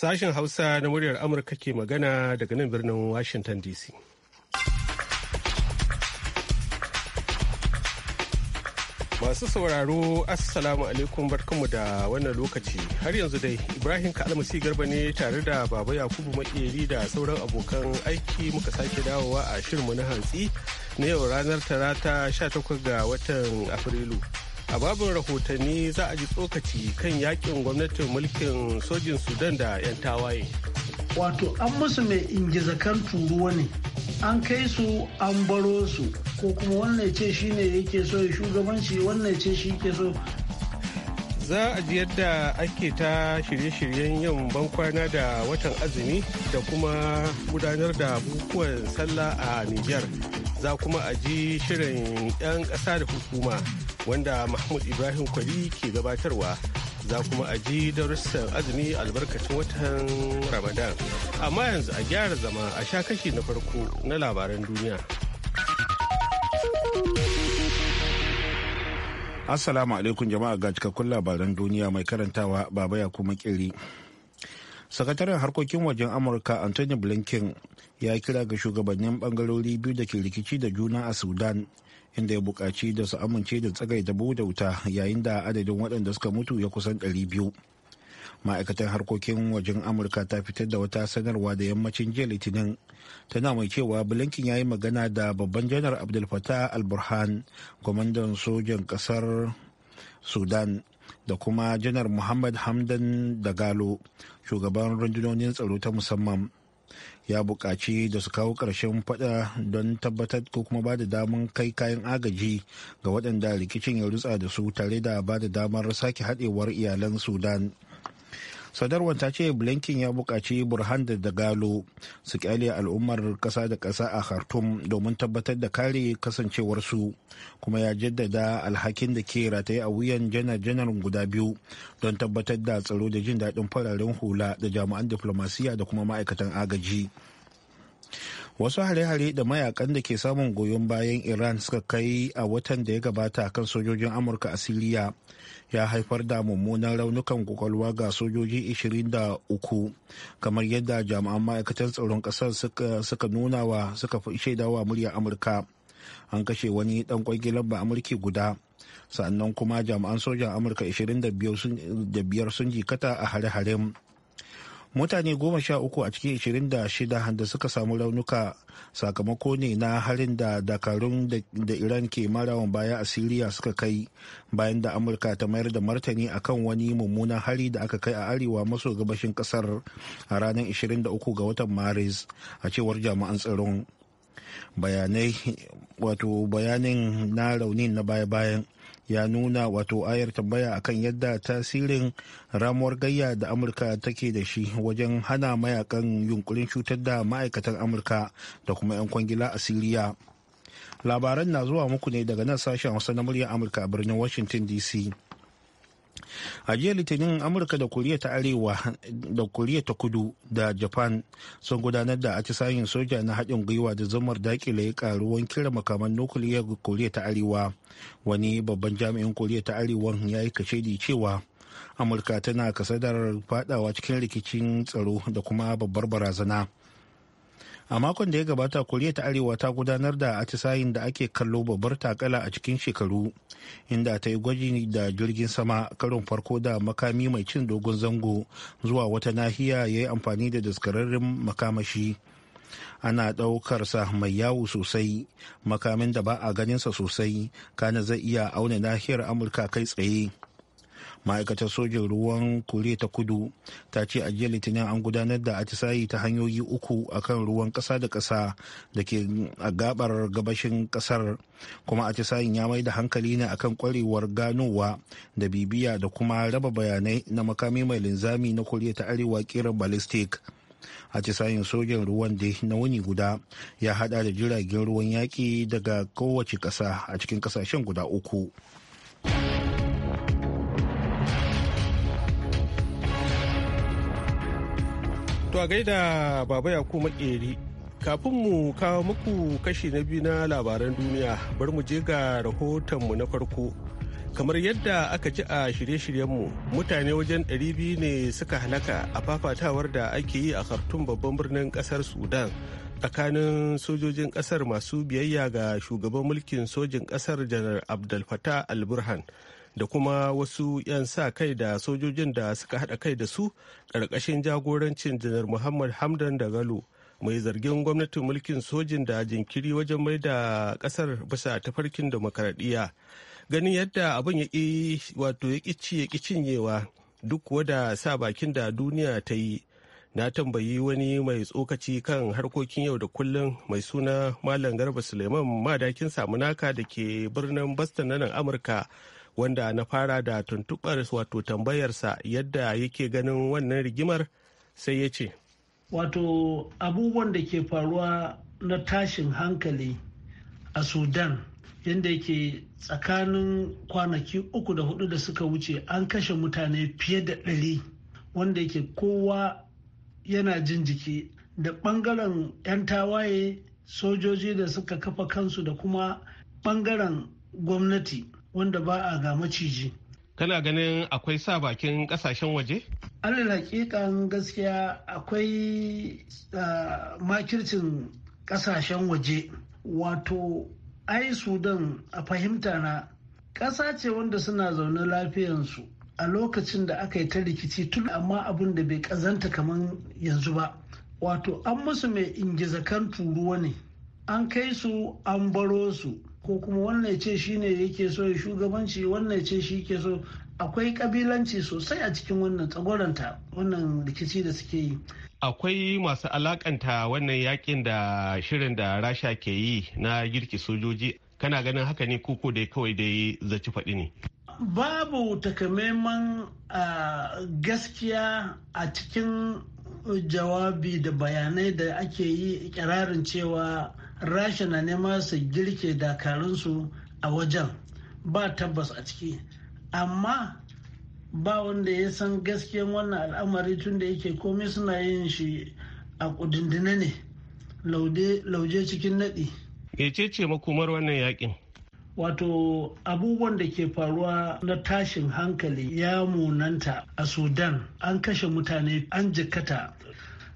Sashen Hausa na muryar Amurka ke magana daga nan birnin Washington DC. Masu sauraro Assalamu alaikum barkanmu da wannan lokaci har yanzu dai Ibrahim Kalmasi Garba ne tare da Baba Yakubu Makeri da sauran abokan aiki muka sake dawowa a shirinmu na hantsi na yau ranar Talata 18 ga watan Afrilu. a babin rahotanni za a ji tsokaci kan yakin gwamnatin mulkin sojin sudan da 'yan tawaye wato an musu mai ingizakan turuwa ne an kai su an baro su ko kuma wannan ce shi ne yake so ya shugabanci wannan ce shi ke so za a ji yadda ake ta shirye-shiryen yin bankwana da watan azumi da kuma gudanar da bukukuwan sallah a niger za kuma a ji shirin 'yan ƙasa da hukuma wanda mahmud ibrahim kwari ke gabatarwa za kuma a ji darussan azumi albarkacin watan ramadan amma yanzu a gyara zama a sha kashi na farko na labaran duniya assalamu alaikum jama'a ga cikakkun labaran duniya mai karantawa baba ya kuma kiri sakataren harkokin wajen amurka anthony blinken ya kira ga shugabannin bangarori biyu da ke rikici da juna a sudan inda ya buƙaci da su amince da tsagai da bude wuta yayin da adadin waɗanda suka mutu ya kusan 200 ma'aikatan harkokin wajen amurka ta fitar da wata sanarwa da yammacin jiya litinin tana mai cewa blinken ya yi magana da babban janar abdul fatah al kwamandan sojan ƙasar sudan da kuma janar muhammad hamdan da galo shugaban rundunonin tsaro ta musamman ya buƙaci da su kawo ƙarshen faɗa don tabbatar ko kuma ba da damar kai kayan agaji ga waɗanda rikicin ya rutsa da su tare da ba da damar sake haɗewar iyalan sudan sadarwar ta ce blinken ya buƙaci burhan da dagalo su kyale al'ummar ƙasa da ƙasa a khartoum domin tabbatar da kare kasancewarsu kuma ya jaddada alhakin da ke rataye a wuyan janar-janar guda biyu don tabbatar da tsaro da jin daɗin fararen hula da jami'an diflomasiyya da kuma ma'aikatan agaji wasu hare-hare da mayakan da ke samun goyon bayan iran suka kai a watan da ya gabata kan sojojin amurka a siriya ya haifar da mummunan raunukan kwakwalwa ga sojoji 23 kamar yadda jami'an ma'aikatan tsaron ƙasar suka nuna wa suka fi shaidawa murya amurka an kashe wani dan kwangilan ba amurki guda sannan kuma jami'an sojan amurka 25 sun jikata a hare-haren mutane goma sha uku a cikin ishirin da shida da suka samu raunuka sakamako ne na harin da dakarun da iran ke marawan baya a siriya suka kai bayan da amurka ta mayar da martani akan wani mummunan hari da aka kai a arewa maso gabashin kasar a ranar 23 ga watan maris a cewar jami'an tsaron bayanai wato bayanin na raunin na baya-bayan ya nuna wato ayar tambaya akan yadda tasirin ramuwar gayya da amurka take da shi wajen hana mayakan yunkurin cutar da ma'aikatan amurka da kuma 'yan kwangila a siriya labaran na zuwa muku ne daga nan sashen hausa na muryar amurka a birnin washington dc a jiya litinin amurka da koriya ta arewa da koriya ta kudu da japan sun gudanar da atisayin soja na haɗin gwiwa da zamar dakile karuwan kira makaman nukiliyar koriya ta arewa wani babban jami'in koriya ta arewa ya yi kashedi cewa amurka tana kasadar fadawa cikin rikicin tsaro da kuma babbar barazana a makon da ya gabata koriya ta arewa ta gudanar da atisayin da ake kallo babbar takala a cikin shekaru inda ta yi gwaji da jirgin sama karon farko da makami mai cin dogon zango zuwa wata nahiya ya yi amfani da daskararren makamashi ana ɗaukarsa mai yawo sosai makamin da ba a ganinsa sosai kana zai iya auna nahiyar amurka kai tsaye ma'aikatar sojin ruwan koriya ta kudu ta ce a jiya litinin an gudanar da atisayi ta hanyoyi uku akan ruwan kasa da kasa da ke a gabar gabashin kasar kuma atisayin ya mai da hankali ne akan kwarewar ganowa da bibiya da kuma raba bayanai na makami mai linzami na koriya ta arewa kiran ballistic atisayin sojan ruwan da na wuni guda ya hada da jiragen ruwan yaƙi daga kowace ƙasa a cikin ƙasashen guda uku. To a gaida Baba ya Yaku Makeri kafin mu kawo muku kashi na biyu na labaran duniya bari mu je ga rahoton mu na farko. Kamar yadda aka ji a shirye-shiryenmu mutane wajen 200 ne suka halaka a fafatawar da ake yi a Khartoum babban birnin kasar Sudan tsakanin sojojin kasar masu biyayya ga shugaban mulkin sojin kasar janar Abdel Fattah al da kuma wasu 'yan sa kai da sojojin da suka haɗa kai da su ƙarƙashin jagorancin janar muhammad hamdan da galo mai zargin gwamnatin mulkin sojin da jinkiri wajen mai da ƙasar bisa tafarkin demokaradiyya ganin yadda abin ya ƙi wato ya ƙi ya ƙi cinyewa duk kuwa da sa bakin da duniya ta yi na tambayi wani mai tsokaci kan harkokin yau da kullum mai suna malam garba suleiman madakin samunaka da ke birnin boston na nan amurka wanda na fara da tuntuɓar wato tambayarsa yadda yake ganin wannan rigimar sai ya ce wato abubuwan da ke faruwa na tashin hankali a sudan yadda yake tsakanin kwanaki uku da hudu da suka wuce an kashe mutane fiye da ɗari wanda yake kowa yana jin jiki da ɓangaren 'yan tawaye sojoji da suka kafa kansu da kuma ɓangaren gwamnati wanda ba a ga maciji. Kana ganin akwai sa bakin kasashen waje? Allah hakikan gaskiya akwai ah, makircin kasashen waje wato ai Sudan a fahimta na ƙasa ce wanda suna zaune lafiyansu a lokacin da aka yi ta rikici tun amma abin da bai ƙazanta kamar yanzu ba. Wato an musu mai ingizakan turuwa ne, an kai su an baro su. ko kuma wannan ce shi ne yake so ya shugabanci wannan ce shi ke so akwai kabilanci sosai a cikin wannan tsagoranta wannan rikici da suke yi akwai masu alakanta wannan yakin da shirin da rasha ke yi na girki sojoji kana ganin haka ne koko dai kawai dai zaci faɗi ne babu takamaiman gaskiya a cikin jawabi da bayanai da ake yi ikirarin cewa rasha na neman su girke dakarunsu a wajen ba tabbas a ciki amma ba wanda ya san gaskiyan wannan al'amari tun da yake komai suna yin shi a kudindina ne lauje cikin naɗi. Mecece ce makomar wannan yakin? Wato abubuwan da ke faruwa na tashin hankali ya munanta a Sudan an kashe mutane an jikata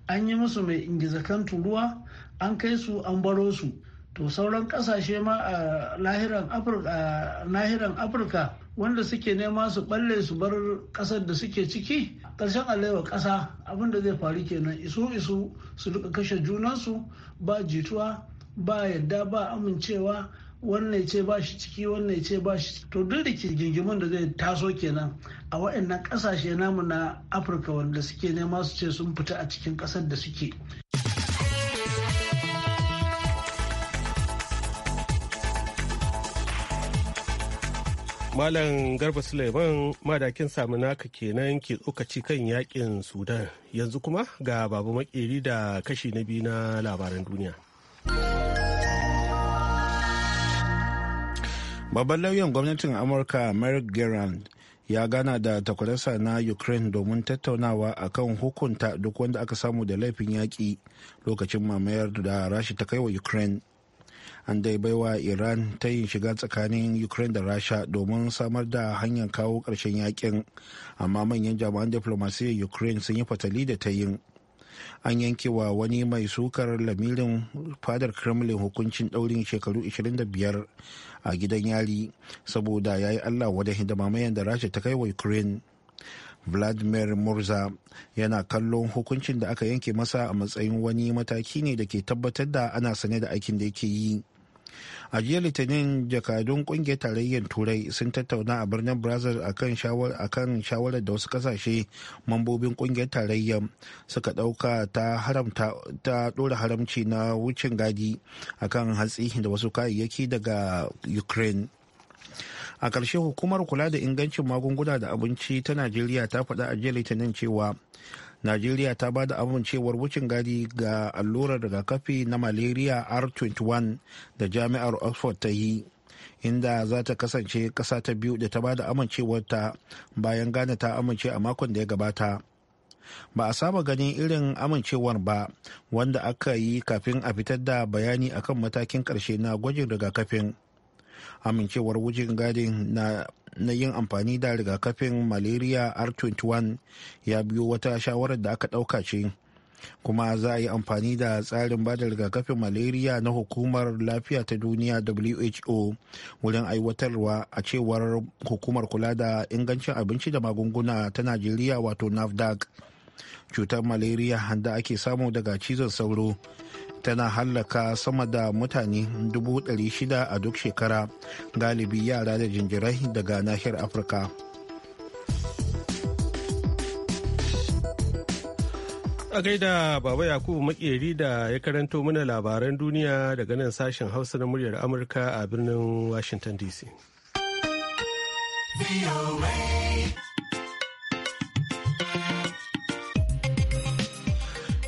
an yi musu mai ingizakantu ruwa. an kai su an baro su to sauran kasashe ma a nahiran afirka wanda suke nema su balle su bar kasar da suke ciki ƙarshen alewa ƙasa abinda zai faru kenan isu isu su duka kashe junansu ba jituwa ba yadda ba amincewa wannan ce ba shi ciki wannan ce ba shi to duk da ke gingimin da zai taso kenan a waɗannan ƙasashe namu na afirka wanda suke nema su ce sun fita a cikin ƙasar da suke Malam Garba Suleiman madakin naka kenan ke tsokaci kan yakin Sudan yanzu kuma ga babu makeri da kashi na biyu na labaran duniya. Babban lauyan gwamnatin Amurka Merrick Garland ya gana da takwarasa na Ukraine domin tattaunawa a kan hukunta duk wanda aka samu da laifin yaƙi lokacin mamayar da rashi ta kai wa Ukraine. an dai baiwa iran ta yin shiga tsakanin ukraine da rasha domin samar da hanyar kawo karshen yakin amma manyan jami'an diplomasiyyar ukraine sun yi fatali da ta yin an yanke wa wani mai sukar lamirin fadar kremlin hukuncin daurin shekaru 25 a gidan yari saboda ya yi allah wada hidima mayan da rasha ta kai wa ukraine vladimir murza yana kallon hukuncin da aka yanke masa a matsayin wani mataki ne da ke tabbatar da ana sane da aikin da yake yi a jiya litinin jakadun kungiyar tarayyar turai sun tattauna a birnin brazil kan shawarar da wasu kasashe mambobin kungiyar tarayyar suka dauka ta haramta dora haramci na wucin gadi akan hatsi da wasu kayayyaki daga ukraine a ƙarshe hukumar kula da ingancin magunguna da abinci ta najeriya ta faɗa a jiya litinin cewa najeriya ta ba da amincewar wucin gadi ga allurar rigakafi na malaria r21 da jami'ar oxford ta yi inda za ta kasance kasa ta biyu da ta ba da amincewarta bayan gane ta amince a makon da ya gabata ba a saba ganin irin amincewar ba wanda aka yi kafin a fitar da bayani akan matakin karshe na gwajin rigakafin amincewar wujin gadin na na yin amfani da rigakafin malaria r21 ya biyo wata shawarar da aka ɗauka ce kuma za a yi amfani da tsarin bada rigakafin malaria na hukumar lafiya ta duniya who wurin aiwatarwa a cewar hukumar kula da ingancin abinci da magunguna ta najeriya wato nafdac cutar malaria da ake samu daga cizon sauro tana hallaka sama da mutane 600 a duk shekara galibi yara da jinjirai daga nahiyar afirka a gaida baba yakubu makeri da ya karanto mana labaran duniya daga nan sashen hausa na muryar amurka a birnin washington dc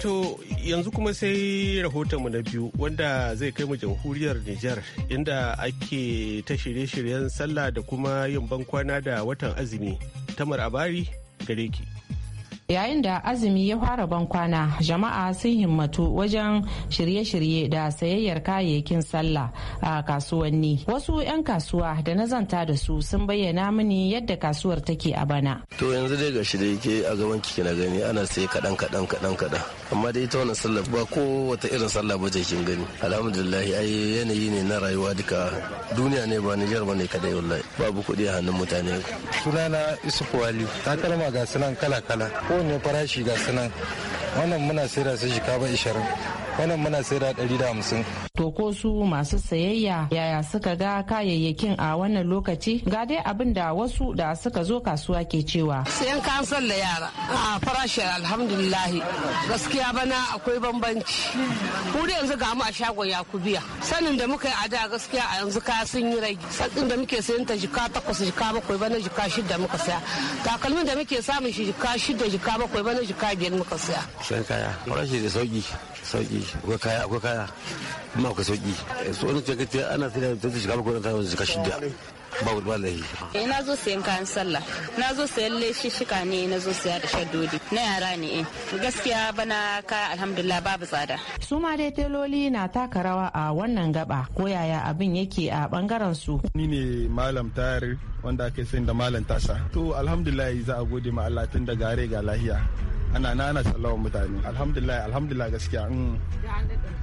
To yanzu kuma sai rahotonmu na biyu wanda zai kai mu jamhuriyar Nijar inda ake ta shirye-shiryen sallah da kuma yin bankwana da watan azumi. Tamar Abari gare ki. yayin da azumi ya fara ban kwana jama'a sun himmatu wajen shirye-shirye da sayayyar kayayyakin sallah a kasuwanni wasu 'yan kasuwa da na zanta da su sun bayyana mini yadda kasuwar take a bana to yanzu dai gashi shirye ke a gaban kiki na gani ana sai kadan kadan kadan kadan amma dai ita wannan sallah ba ko wata irin sallah ba kin gani alhamdulillah ai yanayi ne na rayuwa duka duniya ne ba ni ba ne kadai wallahi babu kuɗi a hannun mutane sunana Isufu Wali kalma ga sunan kala kala kowane farashi ga sunan wannan muna saida su shi ba ishirin wannan muna saida ɗari da hamsin. to ko su masu sayayya yaya suka ga kayayyakin a wannan lokaci ga dai abin da wasu da suka zo kasuwa ke cewa. sayan kayan sallah yara a farashi alhamdulillahi gaskiya bana akwai bambanci Ku da yanzu ga mu a shagon ya biya. sanin da muka yi a da gaskiya a yanzu kaya sun yi rage sanin da muke sayan ta jika takwas jika bakwai bana jika shida muka saya takalmin da muke samun shi jika shida jika jika bakwai ba na jika biyar muka siya. Shan kaya, farashi da sauki, sauki, akwai kaya, akwai kaya, kuma akwai sauki. Eh, so wani cikin ana sayar da jika bakwai na jika shida. ba ba Eh na zo sayan kayan sallah. Na zo sayan leshishika ne na zo saya da shaddodi. Na yara ne eh. Gaskiya bana kaya alhamdulillah babu tsada. Su ma dai teloli na taka rawa a wannan gaba ko yaya abin yake a bangaren su. Ni ne malam tayar wanda ake sayin da malam tasa. To alhamdulillah za a gode ma Allah tun da gare ga lahiya. ana nana sallawa mutane alhamdulillah alhamdulillah gaskiya mm.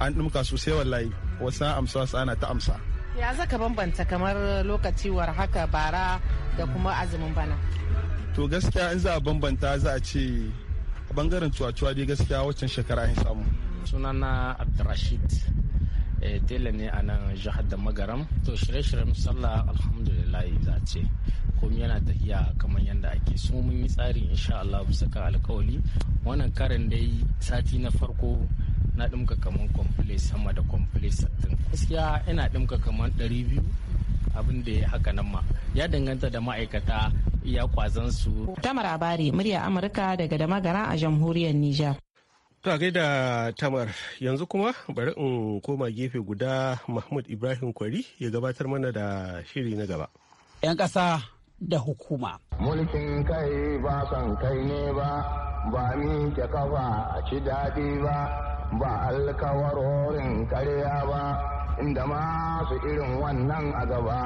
an dumka sosai wallahi wasu amsa wasu ana ta amsa ya zaka bambanta kamar lokaci war haka bara da kuma azumin bana to gaskiya in za a bambanta za a ce a bangaren cuwa-cuwa dai gaskiya waccan shekara ya samu sunana abdurrashid eh, tela ne a nan jihar da magaram to shirye-shiryen sallah alhamdulillah za ce komi yana tafiya kamar yadda ake so mun yi tsari insha Allah bisa ka alkawali wannan karin dai sati na farko na ɗinka kamar kwamfule sama da kwamfule sattin gaskiya ina dimka kamar ɗari biyu abin da ya haka nan ma ya danganta da ma'aikata ya kwazan su. Tamar Abari murya Amurka daga Damagara a jamhuriyar nija Ta da Tamar yanzu kuma bari in koma gefe guda Mahmud Ibrahim Kwari ya gabatar mana da shiri na gaba. 'Yan ƙasa da hukuma. Mulkin kai ba san kai ne ba, ba ke kafa a ci daɗi ba. ba alkawarorin karya ba inda masu irin wannan a gaba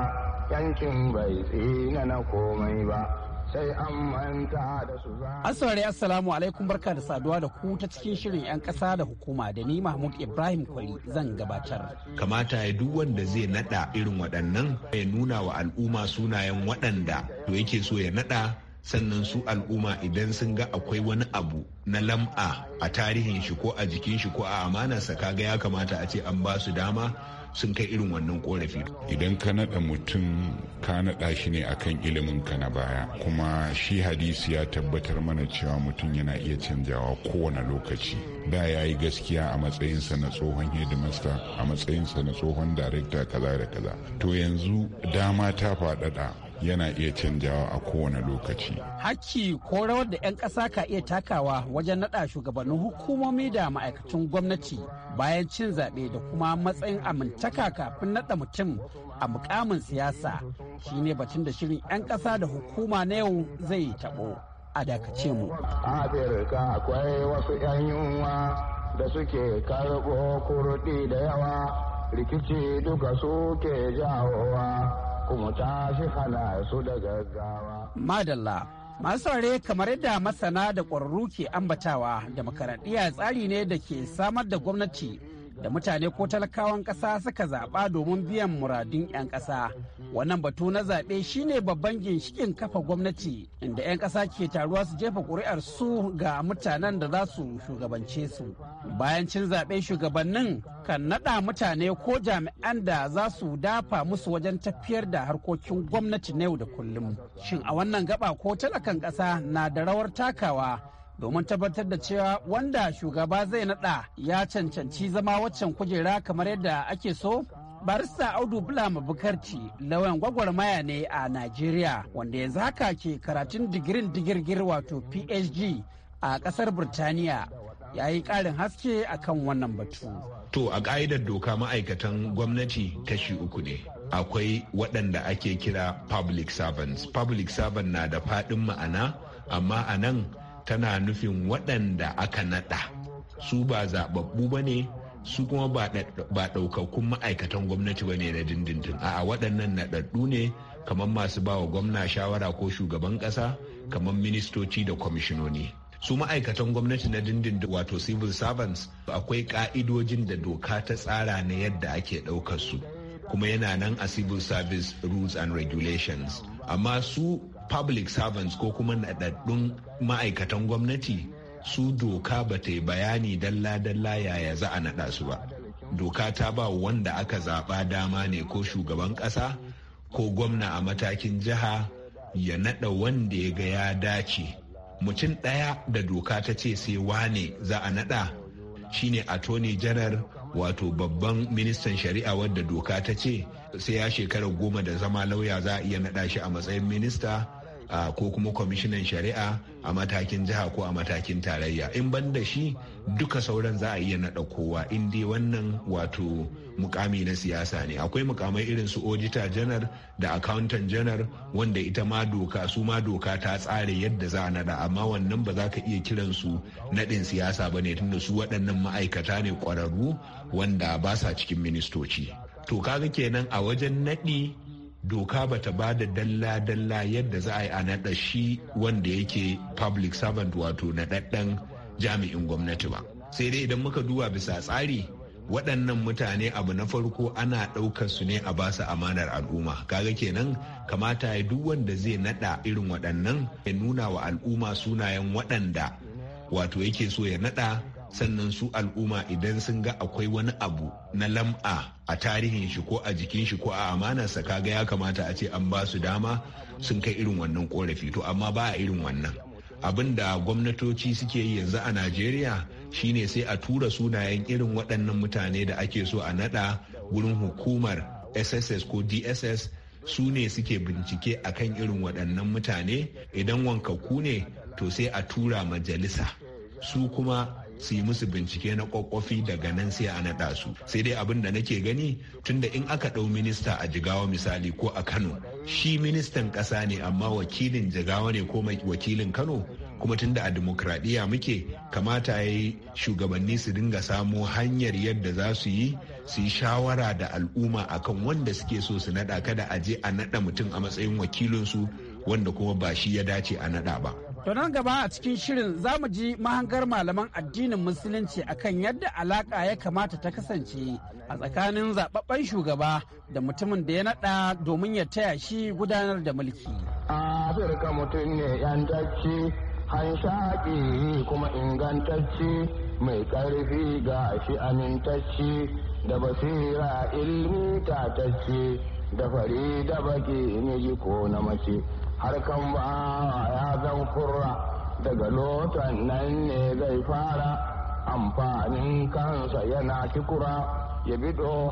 yankin bai tsina na komai ba sai an manta da su za asare assalamu alaikum barka da saduwa da ku ta cikin shirin 'yan ƙasa da hukuma da ni mahmud ibrahim kwari zan gabatar kamata ya duk wanda zai nada irin waɗannan ya nuna wa al'umma sunayen waɗanda to yake so ya nada sannan su al'umma idan sun ga akwai wani abu na lam'a a tarihin shi ko a jikin shi ko a sa kaga ya kamata a ce an ba su dama sun kai irin wannan korafi. Idan ka naɗa mutum ka naɗa shi ne akan ilimin ka na baya kuma shi hadisi ya tabbatar mana cewa mutum yana iya canjawa kowane lokaci. Da ya yi gaskiya a matsayinsa na tsohon hedimasta a matsayinsa na tsohon darekta kaza da kaza. To yanzu dama ta faɗaɗa yana iya canjawa a kowane lokaci. Hakki ko rawar da 'yan ƙasa ka iya takawa wajen naɗa shugabannin hukumomi da ma'aikacin gwamnati bayan cin zaɓe da kuma matsayin amintaka kafin naɗa mutum a mukamin siyasa shine batun da shirin 'yan ƙasa da hukuma na yau zai taɓo a dakace mu. Afirka akwai wasu 'yan yunwa da suke karɓo kurɗi da yawa rikici duka suke jawowa. kuma shi hana su da gaggawa. Madalla. Masu ware kamar yadda masana da ƙwararru ke ambatawa, demokaradiyya tsari ne da ke samar da gwamnati da mutane ko talakawan ƙasa suka zaɓa domin biyan muradun 'yan ƙasa. Wannan batu na zaɓe shine babban ginshikin kafa gwamnati inda 'yan ƙasa ke taruwa su jefa ƙuri'ar su ga mutanen da za su shugabance su. Bayan cin zaɓe shugabannin kan naɗa mutane ko jami'an da za su dafa musu wajen tafiyar da harkokin gwamnati na yau da kullum. Shin a wannan gaba ko talakan ƙasa na da rawar takawa domin tabbatar da cewa wanda shugaba zai nada ya cancanci zama waccan kujera kamar yadda ake so barista audu bulama bukarci lauyan gwagwarmaya ne a nigeria wanda yanzu haka ke karatun digirin digirgir wato phd a kasar birtaniya ya yi ƙarin haske akan wannan batu to a ƙa'idar doka ma'aikatan gwamnati kashi uku ne akwai waɗanda ake kira public servants public servant na da faɗin ma'ana amma a nan tana nufin waɗanda aka naɗa su ba zaɓaɓɓu ba ne su kuma ba ɗaukakkun ma'aikatan gwamnati ba ne na dindindin a waɗannan naɗaɗɗu ne kamar masu ba wa gwamna shawara ko shugaban ƙasa kamar ministoci da kwamishinoni su ma'aikatan gwamnati na dindindin wato civil servants akwai ka'idojin da doka ta tsara na yadda ake ɗaukar su kuma yana nan a civil service rules and regulations amma su public servants ko kuma naɗaɗɗun ma'aikatan gwamnati su doka ba ta yi bayani dalla-dalla yaya za a naɗa su ba doka ta ba wanda aka zaɓa dama ne ko shugaban ƙasa ko gwamna a matakin jiha ya naɗa wanda ya ga ya dace mutum ɗaya da doka ta ce sai wane za a naɗa shine attorney general wato babban ministan shari'a wadda doka ta ce sai ya shekara goma da zama lauya za a iya naɗa shi a matsayin minista ko kuma kwamishinan shari'a a matakin jiha ko a matakin tarayya in ban da shi duka sauran za a iya naɗa kowa in dai wannan wato mukami na siyasa ne akwai mukamai irin su Ojita janar da accountant janar wanda ita ma doka su ma doka ta tsare yadda za a naɗa amma wannan ba za ka iya kiran su naɗin siyasa ba ne tunda su waɗannan ma'aikata ne ƙwararru wanda ba sa cikin ministoci to kaga kenan a wajen naɗi doka ba ta ba da dalla-dalla yadda za a yi a naɗa shi wanda yake public servant wato naɗaɗɗen jami'in gwamnati ba sai dai idan muka duba bisa tsari waɗannan mutane abu na farko ana ɗaukar su ne a basu amanar al'umma kaga kenan kamata ya duk wanda zai naɗa irin waɗannan ya nuna wa al'umma sunayen waɗanda wato yake so ya naɗa sannan su al'umma idan sun ga akwai wani abu na lam'a a tarihin shi ko a jikin shi ko a amanarsa kaga ya kamata a ce an ba su dama sun kai irin wannan korafi to amma ba a irin wannan abin da gwamnatoci suke yi yanzu a najeriya shine sai a tura sunayen irin waɗannan mutane da ake so a naɗa wurin hukumar sss ko dss su ne suke bincike a kan irin waɗannan mutane idan wankakku ne to sai a tura majalisa su kuma su yi musu bincike na kwakwafi daga nan sai a naɗa su sai dai abin da nake gani tunda in aka ɗau minista a jigawa misali ko a kano shi ministan ƙasa ne amma wakilin jigawa ne ko wakilin kano kuma tunda a demokradiyya muke kamata ya yi shugabanni su dinga samo hanyar yadda za su yi su yi shawara da al'umma akan wanda suke so su naɗa kada a je a naɗa mutum a matsayin wakilinsu wanda kuma ba shi ya dace a naɗa ba To nan gaba a cikin shirin za mu ji mahangar malaman addinin musulunci akan yadda alaka ya kamata ta kasance a tsakanin zababben shugaba da mutumin da ya nada domin ya taya shi gudanar da mulki. Afirka mutum ne yantacci, hanshaƙi kuma ingantacci mai ƙarfi ga shi amintacci da basira ilmi da fari da baki ne ko na mace. harkan ba ya zan kurra daga lotan nan ne zai fara amfanin kansa yana kikura ya bido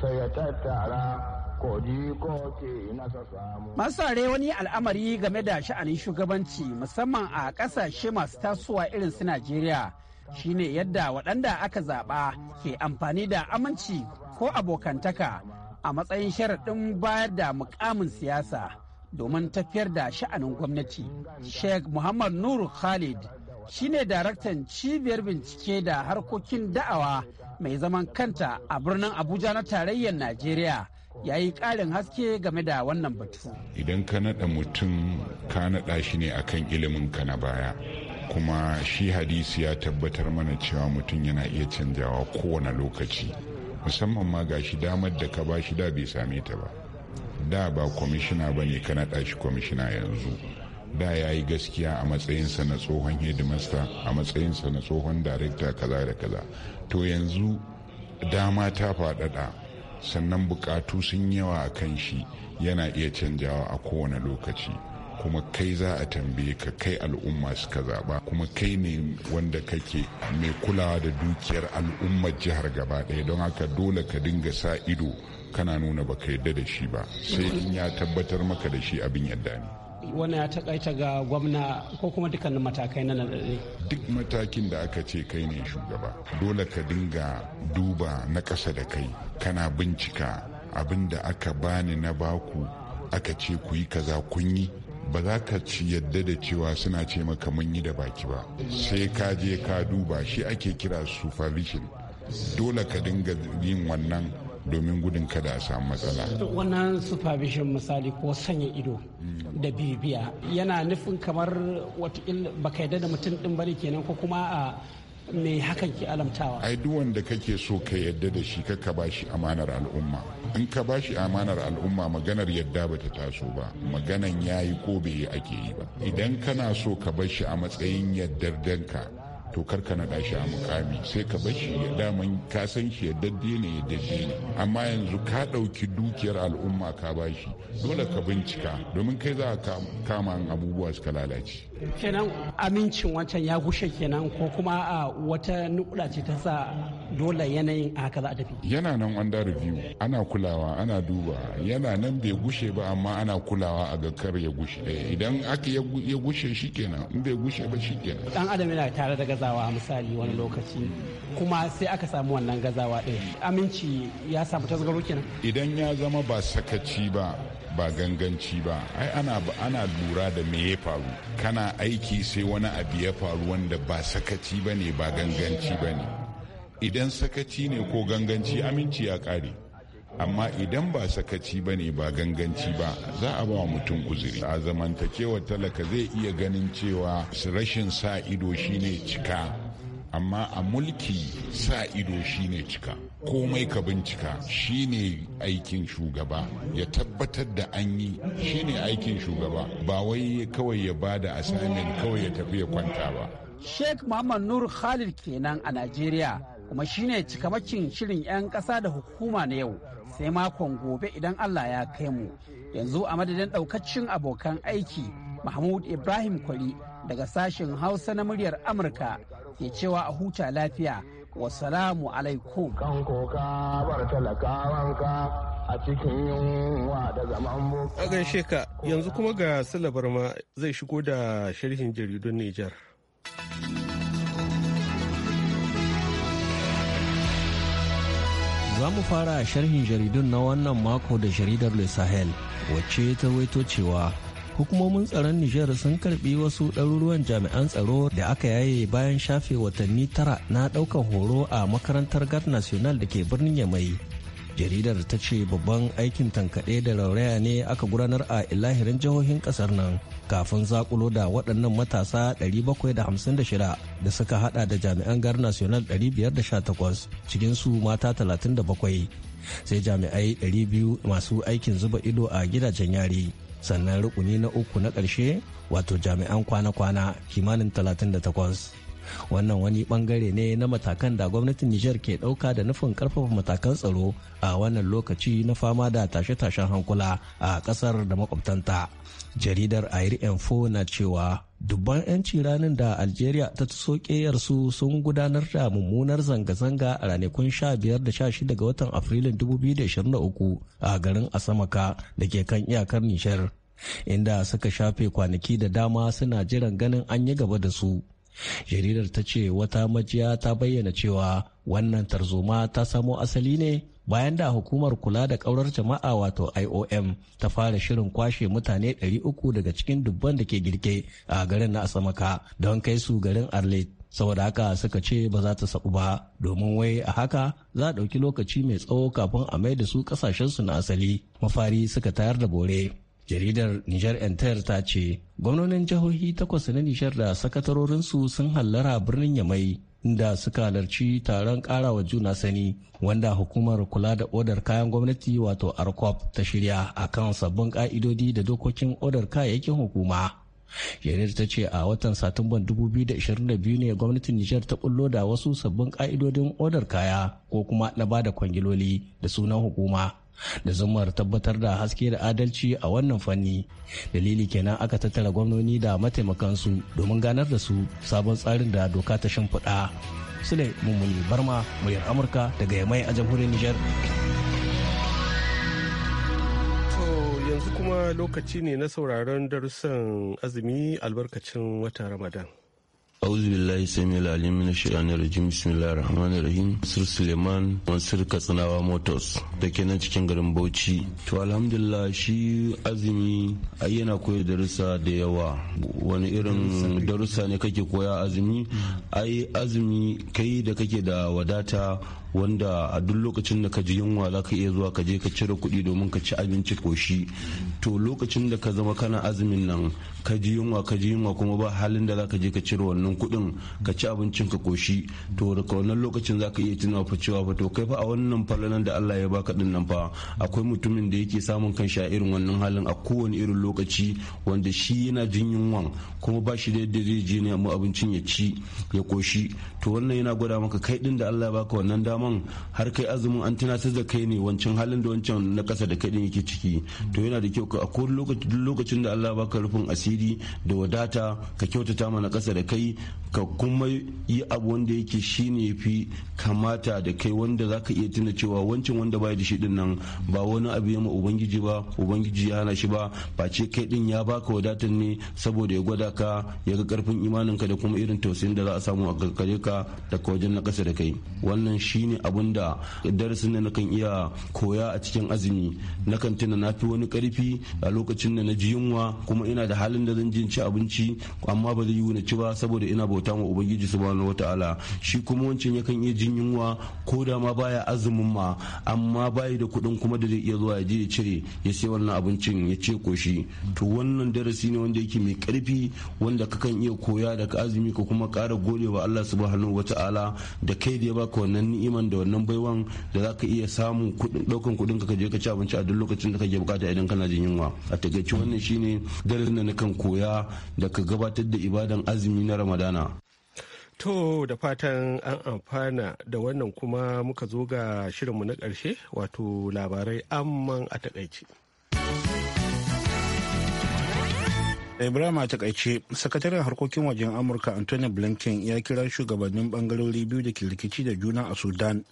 sa ya tattara Masare wani al'amari game da sha'anin shugabanci musamman a ƙasashe masu tasowa irin su Najeriya shine yadda waɗanda aka zaɓa ke amfani da aminci ko abokantaka a matsayin sharaɗin bayar da mukamin siyasa. domin tafiyar da sha'anin gwamnati sheikh muhammad nur khalid shi ne daraktan cibiyar bincike da harkokin da'awa mai zaman kanta a birnin abuja na tarayyar najeriya ya yi ƙarin haske game da wannan batu idan ka naɗa mutum ka naɗa shi ne akan ilimin ka na baya kuma shi hadisi ya tabbatar mana cewa mutum yana iya canjawa kowane lokaci musamman ma ga shi damar da ka ba shi da bai same ta ba da ba kwamishina ba ne ka naɗa shi kwamishina yanzu da ya yi gaskiya a matsayinsa na tsohon hedimasta a matsayinsa na tsohon darekta kaza da kaza to yanzu dama ta faɗaɗa sannan bukatu sun yawa a kan shi yana iya canjawa a kowane lokaci kuma kai za a tambaye ka kai al'umma suka zaba. kuma kai ne wanda kake mai kulawa da dukiyar al'ummar jihar gaba ɗaya don haka dole ka dinga sa ido kana nuna ba ka yadda da shi ba sai in ya tabbatar maka da shi abin yadda ne wani ya takaita ga gwamna ko kuma dukkanin matakai na nadade duk matakin da aka ce kai ne shugaba dole ka dinga duba na ƙasa da kai kana bincika abin da aka bani na baku aka ce ku yi kaza kun yi ba za ka yadda da cewa suna ce maka mun yi da baki ba sai ka je ka duba shi ake kira supervision dole ka dinga yin wannan domin gudun kada a samu matsala. wannan supervision misali ko sanya ido da bibiya yana nufin kamar wata baka yadda da mutum din bari kenan ko kuma a ah, me hakan ke alamtawa ai duk wanda kake so ka yadda da shi ka ba shi amanar al'umma in ka ba shi amanar al'umma maganar yadda ba ta taso ba maganan yayi ko bai ake yi ba idan kana so ka bar shi a matsayin yaddar danka to karka naɗa shi a mukami sai ka bar shi ya daman ka san shi yadda ne ya dadde ne amma yanzu ka ɗauki dukiyar al'umma ka bashi dole ka bincika domin kai za ka kama abubuwa suka lalace kenan amincin wancan ya gushe kenan ko kuma a wata nukula ce ta sa dole yanayin a haka za a tafi yana nan under review ana kulawa ana duba yana nan bai gushe ba amma ana kulawa a ga kar ya gushe eh, idan aka ya gushe shi kenan in bai gushe ba shi kenan dan adam yana tare da gazawa misali wani lokaci kuma sai aka samu wannan gazawa din aminci ya samu tasgaro kenan idan ya zama ba sakaci ba ba ganganci ba ai ana ana lura da me ya faru kana aiki sai wani abu ya faru wanda ba sakaci ba ne ba ganganci ba ne idan sakaci ne ko ganganci aminci ya kare amma idan ba sakaci ba ne ba ganganci ba za a ba mutum uzuri a zamantakewa talaka zai iya ganin cewa rashin sa ido shine cika amma a mulki sa ido shine cika komai ka bincika shine aikin shugaba ya tabbatar da an yi shine aikin shugaba ba wai kawai ya bada assignment kawai ya tafi ya kwanta ba Sheikh Muhammad Nur Khalid kenan a Najeriya kuma shine cikamakin shirin 'yan ƙasa da hukuma na yau sai makon gobe idan Allah ya kai mu yanzu a madadin daukacin abokan aiki mahmud ibrahim kwari daga sashen hausa na muryar amurka ke cewa a huta lafiya wasalamu alaikum kan koka bar talakawanka a cikin yunwa da zaman boko a ka yanzu kuma ga silabar ma zai shigo da sharhin jaridun Nijar. za mu fara sharhin jaridun na wannan mako da jaridar le sahel wacce ta waito cewa hukumomin tsaron Nijar sun karbi wasu ɗaruruwan jami'an tsaro da aka yaye bayan shafe watanni tara na ɗaukan horo a makarantar Gat National da ke birnin Yamai. Jaridar ta ce babban aikin tankaɗe da rauraya ne aka gudanar a ilahirin jihohin ƙasar nan kafin zakulo da waɗannan matasa 756 da suka hada da jami'an gar national 518 cikinsu mata 37 sai jami'ai 200 masu aikin zuba ido a gidajen yari. sannan rukuni na uku na ƙarshe wato jami'an kwana-kwana kimanin 38 wannan wani bangare ne na matakan da gwamnatin nijar ke ɗauka da nufin karfafa matakan tsaro a wannan lokaci na fama da tashe-tashen hankula a ƙasar da makwabtanta. jaridar air info na cewa dubban 'yanci ranar da algeria ta soke su sun gudanar da mummunar zanga-zanga a ranakun 15 da 16 ga watan afrilun 2023 a garin asamaka da ke kan iyakar nishar inda suka shafe kwanaki da dama suna jiran ganin an yi gaba da su jaridar ta ce wata majiya ta bayyana cewa wannan tarzoma ta samo asali ne bayan da hukumar kula da kaurar jama'a wato IOM ta fara shirin kwashe mutane 300 daga cikin dubban da ke girke a garin na Asamaka don kai su garin Arlet. saboda haka suka ce ba za ta sabu ba domin wai a haka za a ɗauki lokaci mai tsawo kafin a mai da su ƙasashensu na asali mafari suka tayar da bore jaridar niger enter ta ce gwamnonin jihohi takwas na Nijar da sakatarorinsu sun hallara birnin yamai da suka halarci taron karawa juna sani wanda hukumar kula da odar kayan gwamnati wato arcop ta shirya a kan sabbin ka'idodi da dokokin odar kayayyakin hukuma yanar ta ce a watan satumban 2022 ne gwamnatin nijar ta bullo da wasu sabbin ka'idodin odar kaya ko kuma na bada kwangiloli da sunan hukuma da zumar tabbatar da haske da adalci a wannan fanni dalili kenan aka tattara gwamnoni da mataimakansu domin ganar da su sabon tsarin da doka ta shimfiɗa sule mummuni barma muryar amurka daga yamai a jamhuriyar nijar. yanzu kuma lokaci ne na sauraron darussan azumi albarkacin watan ramadan auzu billahi sami lalim na shiranin rajim bismillah rahman rahim sir suleiman katsinawa motors da ke cikin garin bauchi to alhamdulillah shi azumi ai yana koyar da darussa da yawa wani irin darussa ne kake koya azumi ai azumi kai da kake da wadata wanda a duk lokacin da ka ji yunwa za ka iya zuwa ka je ka cire kuɗi domin ka ci abinci koshi to lokacin da ka zama kana azumin nan ka ji yunwa ka ji yunwa kuma ba halin da za ka je ka cire wannan kuɗin ka ci abincin ka koshi to daga wannan lokacin za ka iya tunawa fa cewa fa to kai fa a wannan falalan da Allah ya baka din nan fa akwai mutumin da yake samun kanshi a irin wannan halin a kowane irin lokaci wanda shi yana jin yunwan kuma ba shi da yadda zai je ne abincin ya ci ya koshi to wannan yana gwada maka kai din da Allah ya baka wannan dama daman har kai azumin an tunatar da kai ne wancan halin da wancan na kasa da kai din yake ciki to yana da kyau a kowane lokaci lokacin da Allah baka rufin asiri da wadata ka kyautata mana kasa da kai ka kuma yi abu wanda yake shine fi kamata da kai wanda zaka iya tuna cewa wancan wanda bai da shi din nan ba wani abu ya ma ubangiji ba ubangiji ya hana shi ba ba ce kai din ya baka wadatar ne saboda ya gwada ka ya ga karfin imaninka da kuma irin tausayin da za a samu a gare ka daga wajen na kasa da kai wannan shine ne abun da darasin na nakan iya koya a cikin azumi nakan tuna na fi wani karfi a lokacin da na ji yunwa kuma ina da halin da zan jinci ci abinci amma ba zai yiwu na ci ba saboda ina bauta wa ubangiji subhanahu wataala shi kuma wancan yakan iya jin yunwa ko da ma baya azumin ma amma bayi da kuɗin kuma da zai iya zuwa ya je ya cire ya sai wannan abincin ya ce shi to wannan darasi ne wanda yake mai karfi wanda kakan iya koya daga azumi ka kuma ƙara gode wa Allah subhanahu wataala da kai da ya baka wannan ni'ima kiman da wannan baiwan da za ka iya samun daukan kudin ka je ka ci abinci a duk lokacin da kake bukata idan kana jin yunwa a takaice wannan shine darasin da nakan koya da ka gabatar da ibadan azumi na ramadana To da fatan an amfana da wannan kuma muka zo ga shirinmu na ƙarshe wato labarai amman a taƙaice. ibrahim a takaice sakataren harkokin wajen amurka anthony blinken ya kira shugabannin bangarori biyu da ke rikici da juna a sudan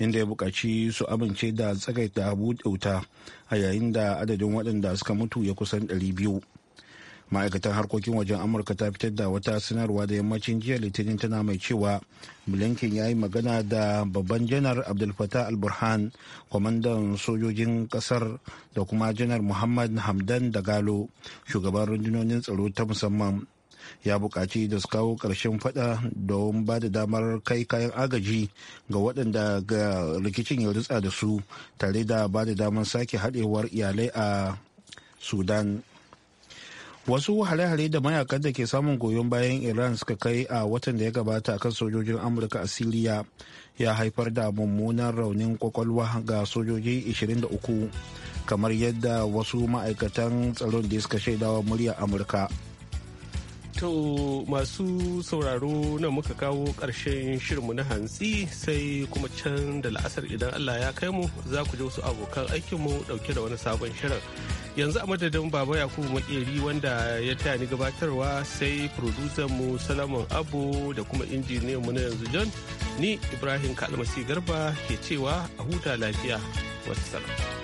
inda ya buƙaci su amince da tsagaita buɗe wuta a yayin da adadin waɗanda suka mutu ya kusan 200 ma'aikatan harkokin wajen amurka ta fitar da wata sanarwa da yammacin jiya litinin tana mai cewa blinken ya yi magana da babban janar abdulfatah al-burhan kwamandan sojojin kasar da kuma janar muhammad hamdan da galo shugaban rundunonin tsaro ta musamman ya bukaci da su kawo ƙarshen faɗa don ba da damar kai kayan agaji ga waɗanda ga rikicin ya rutsa da su tare da ba da damar sake haɗewar iyalai a sudan wasu hare-hare da mayakan da ke samun goyon bayan iran suka kai a watan da ya gabata kan sojojin amurka a siriya ya haifar da mummunan raunin kwakwalwa ga sojoji 23 kamar yadda wasu ma'aikatan tsaron da suka shaidawa murya amurka to masu sauraro na muka kawo ƙarshen shirinmu na hantsi sai kuma can da la'asar idan allah ya kai mu za ku ji wasu abokan aikinmu ɗauke da wani sabon shirin yanzu a madadin baba yakubu makeri wanda ya taya ni gabatarwa sai mu salamun abu da kuma mu na yanzu john ni ibrahim kalmasi garba ke cewa a huta lafiya wasu salam.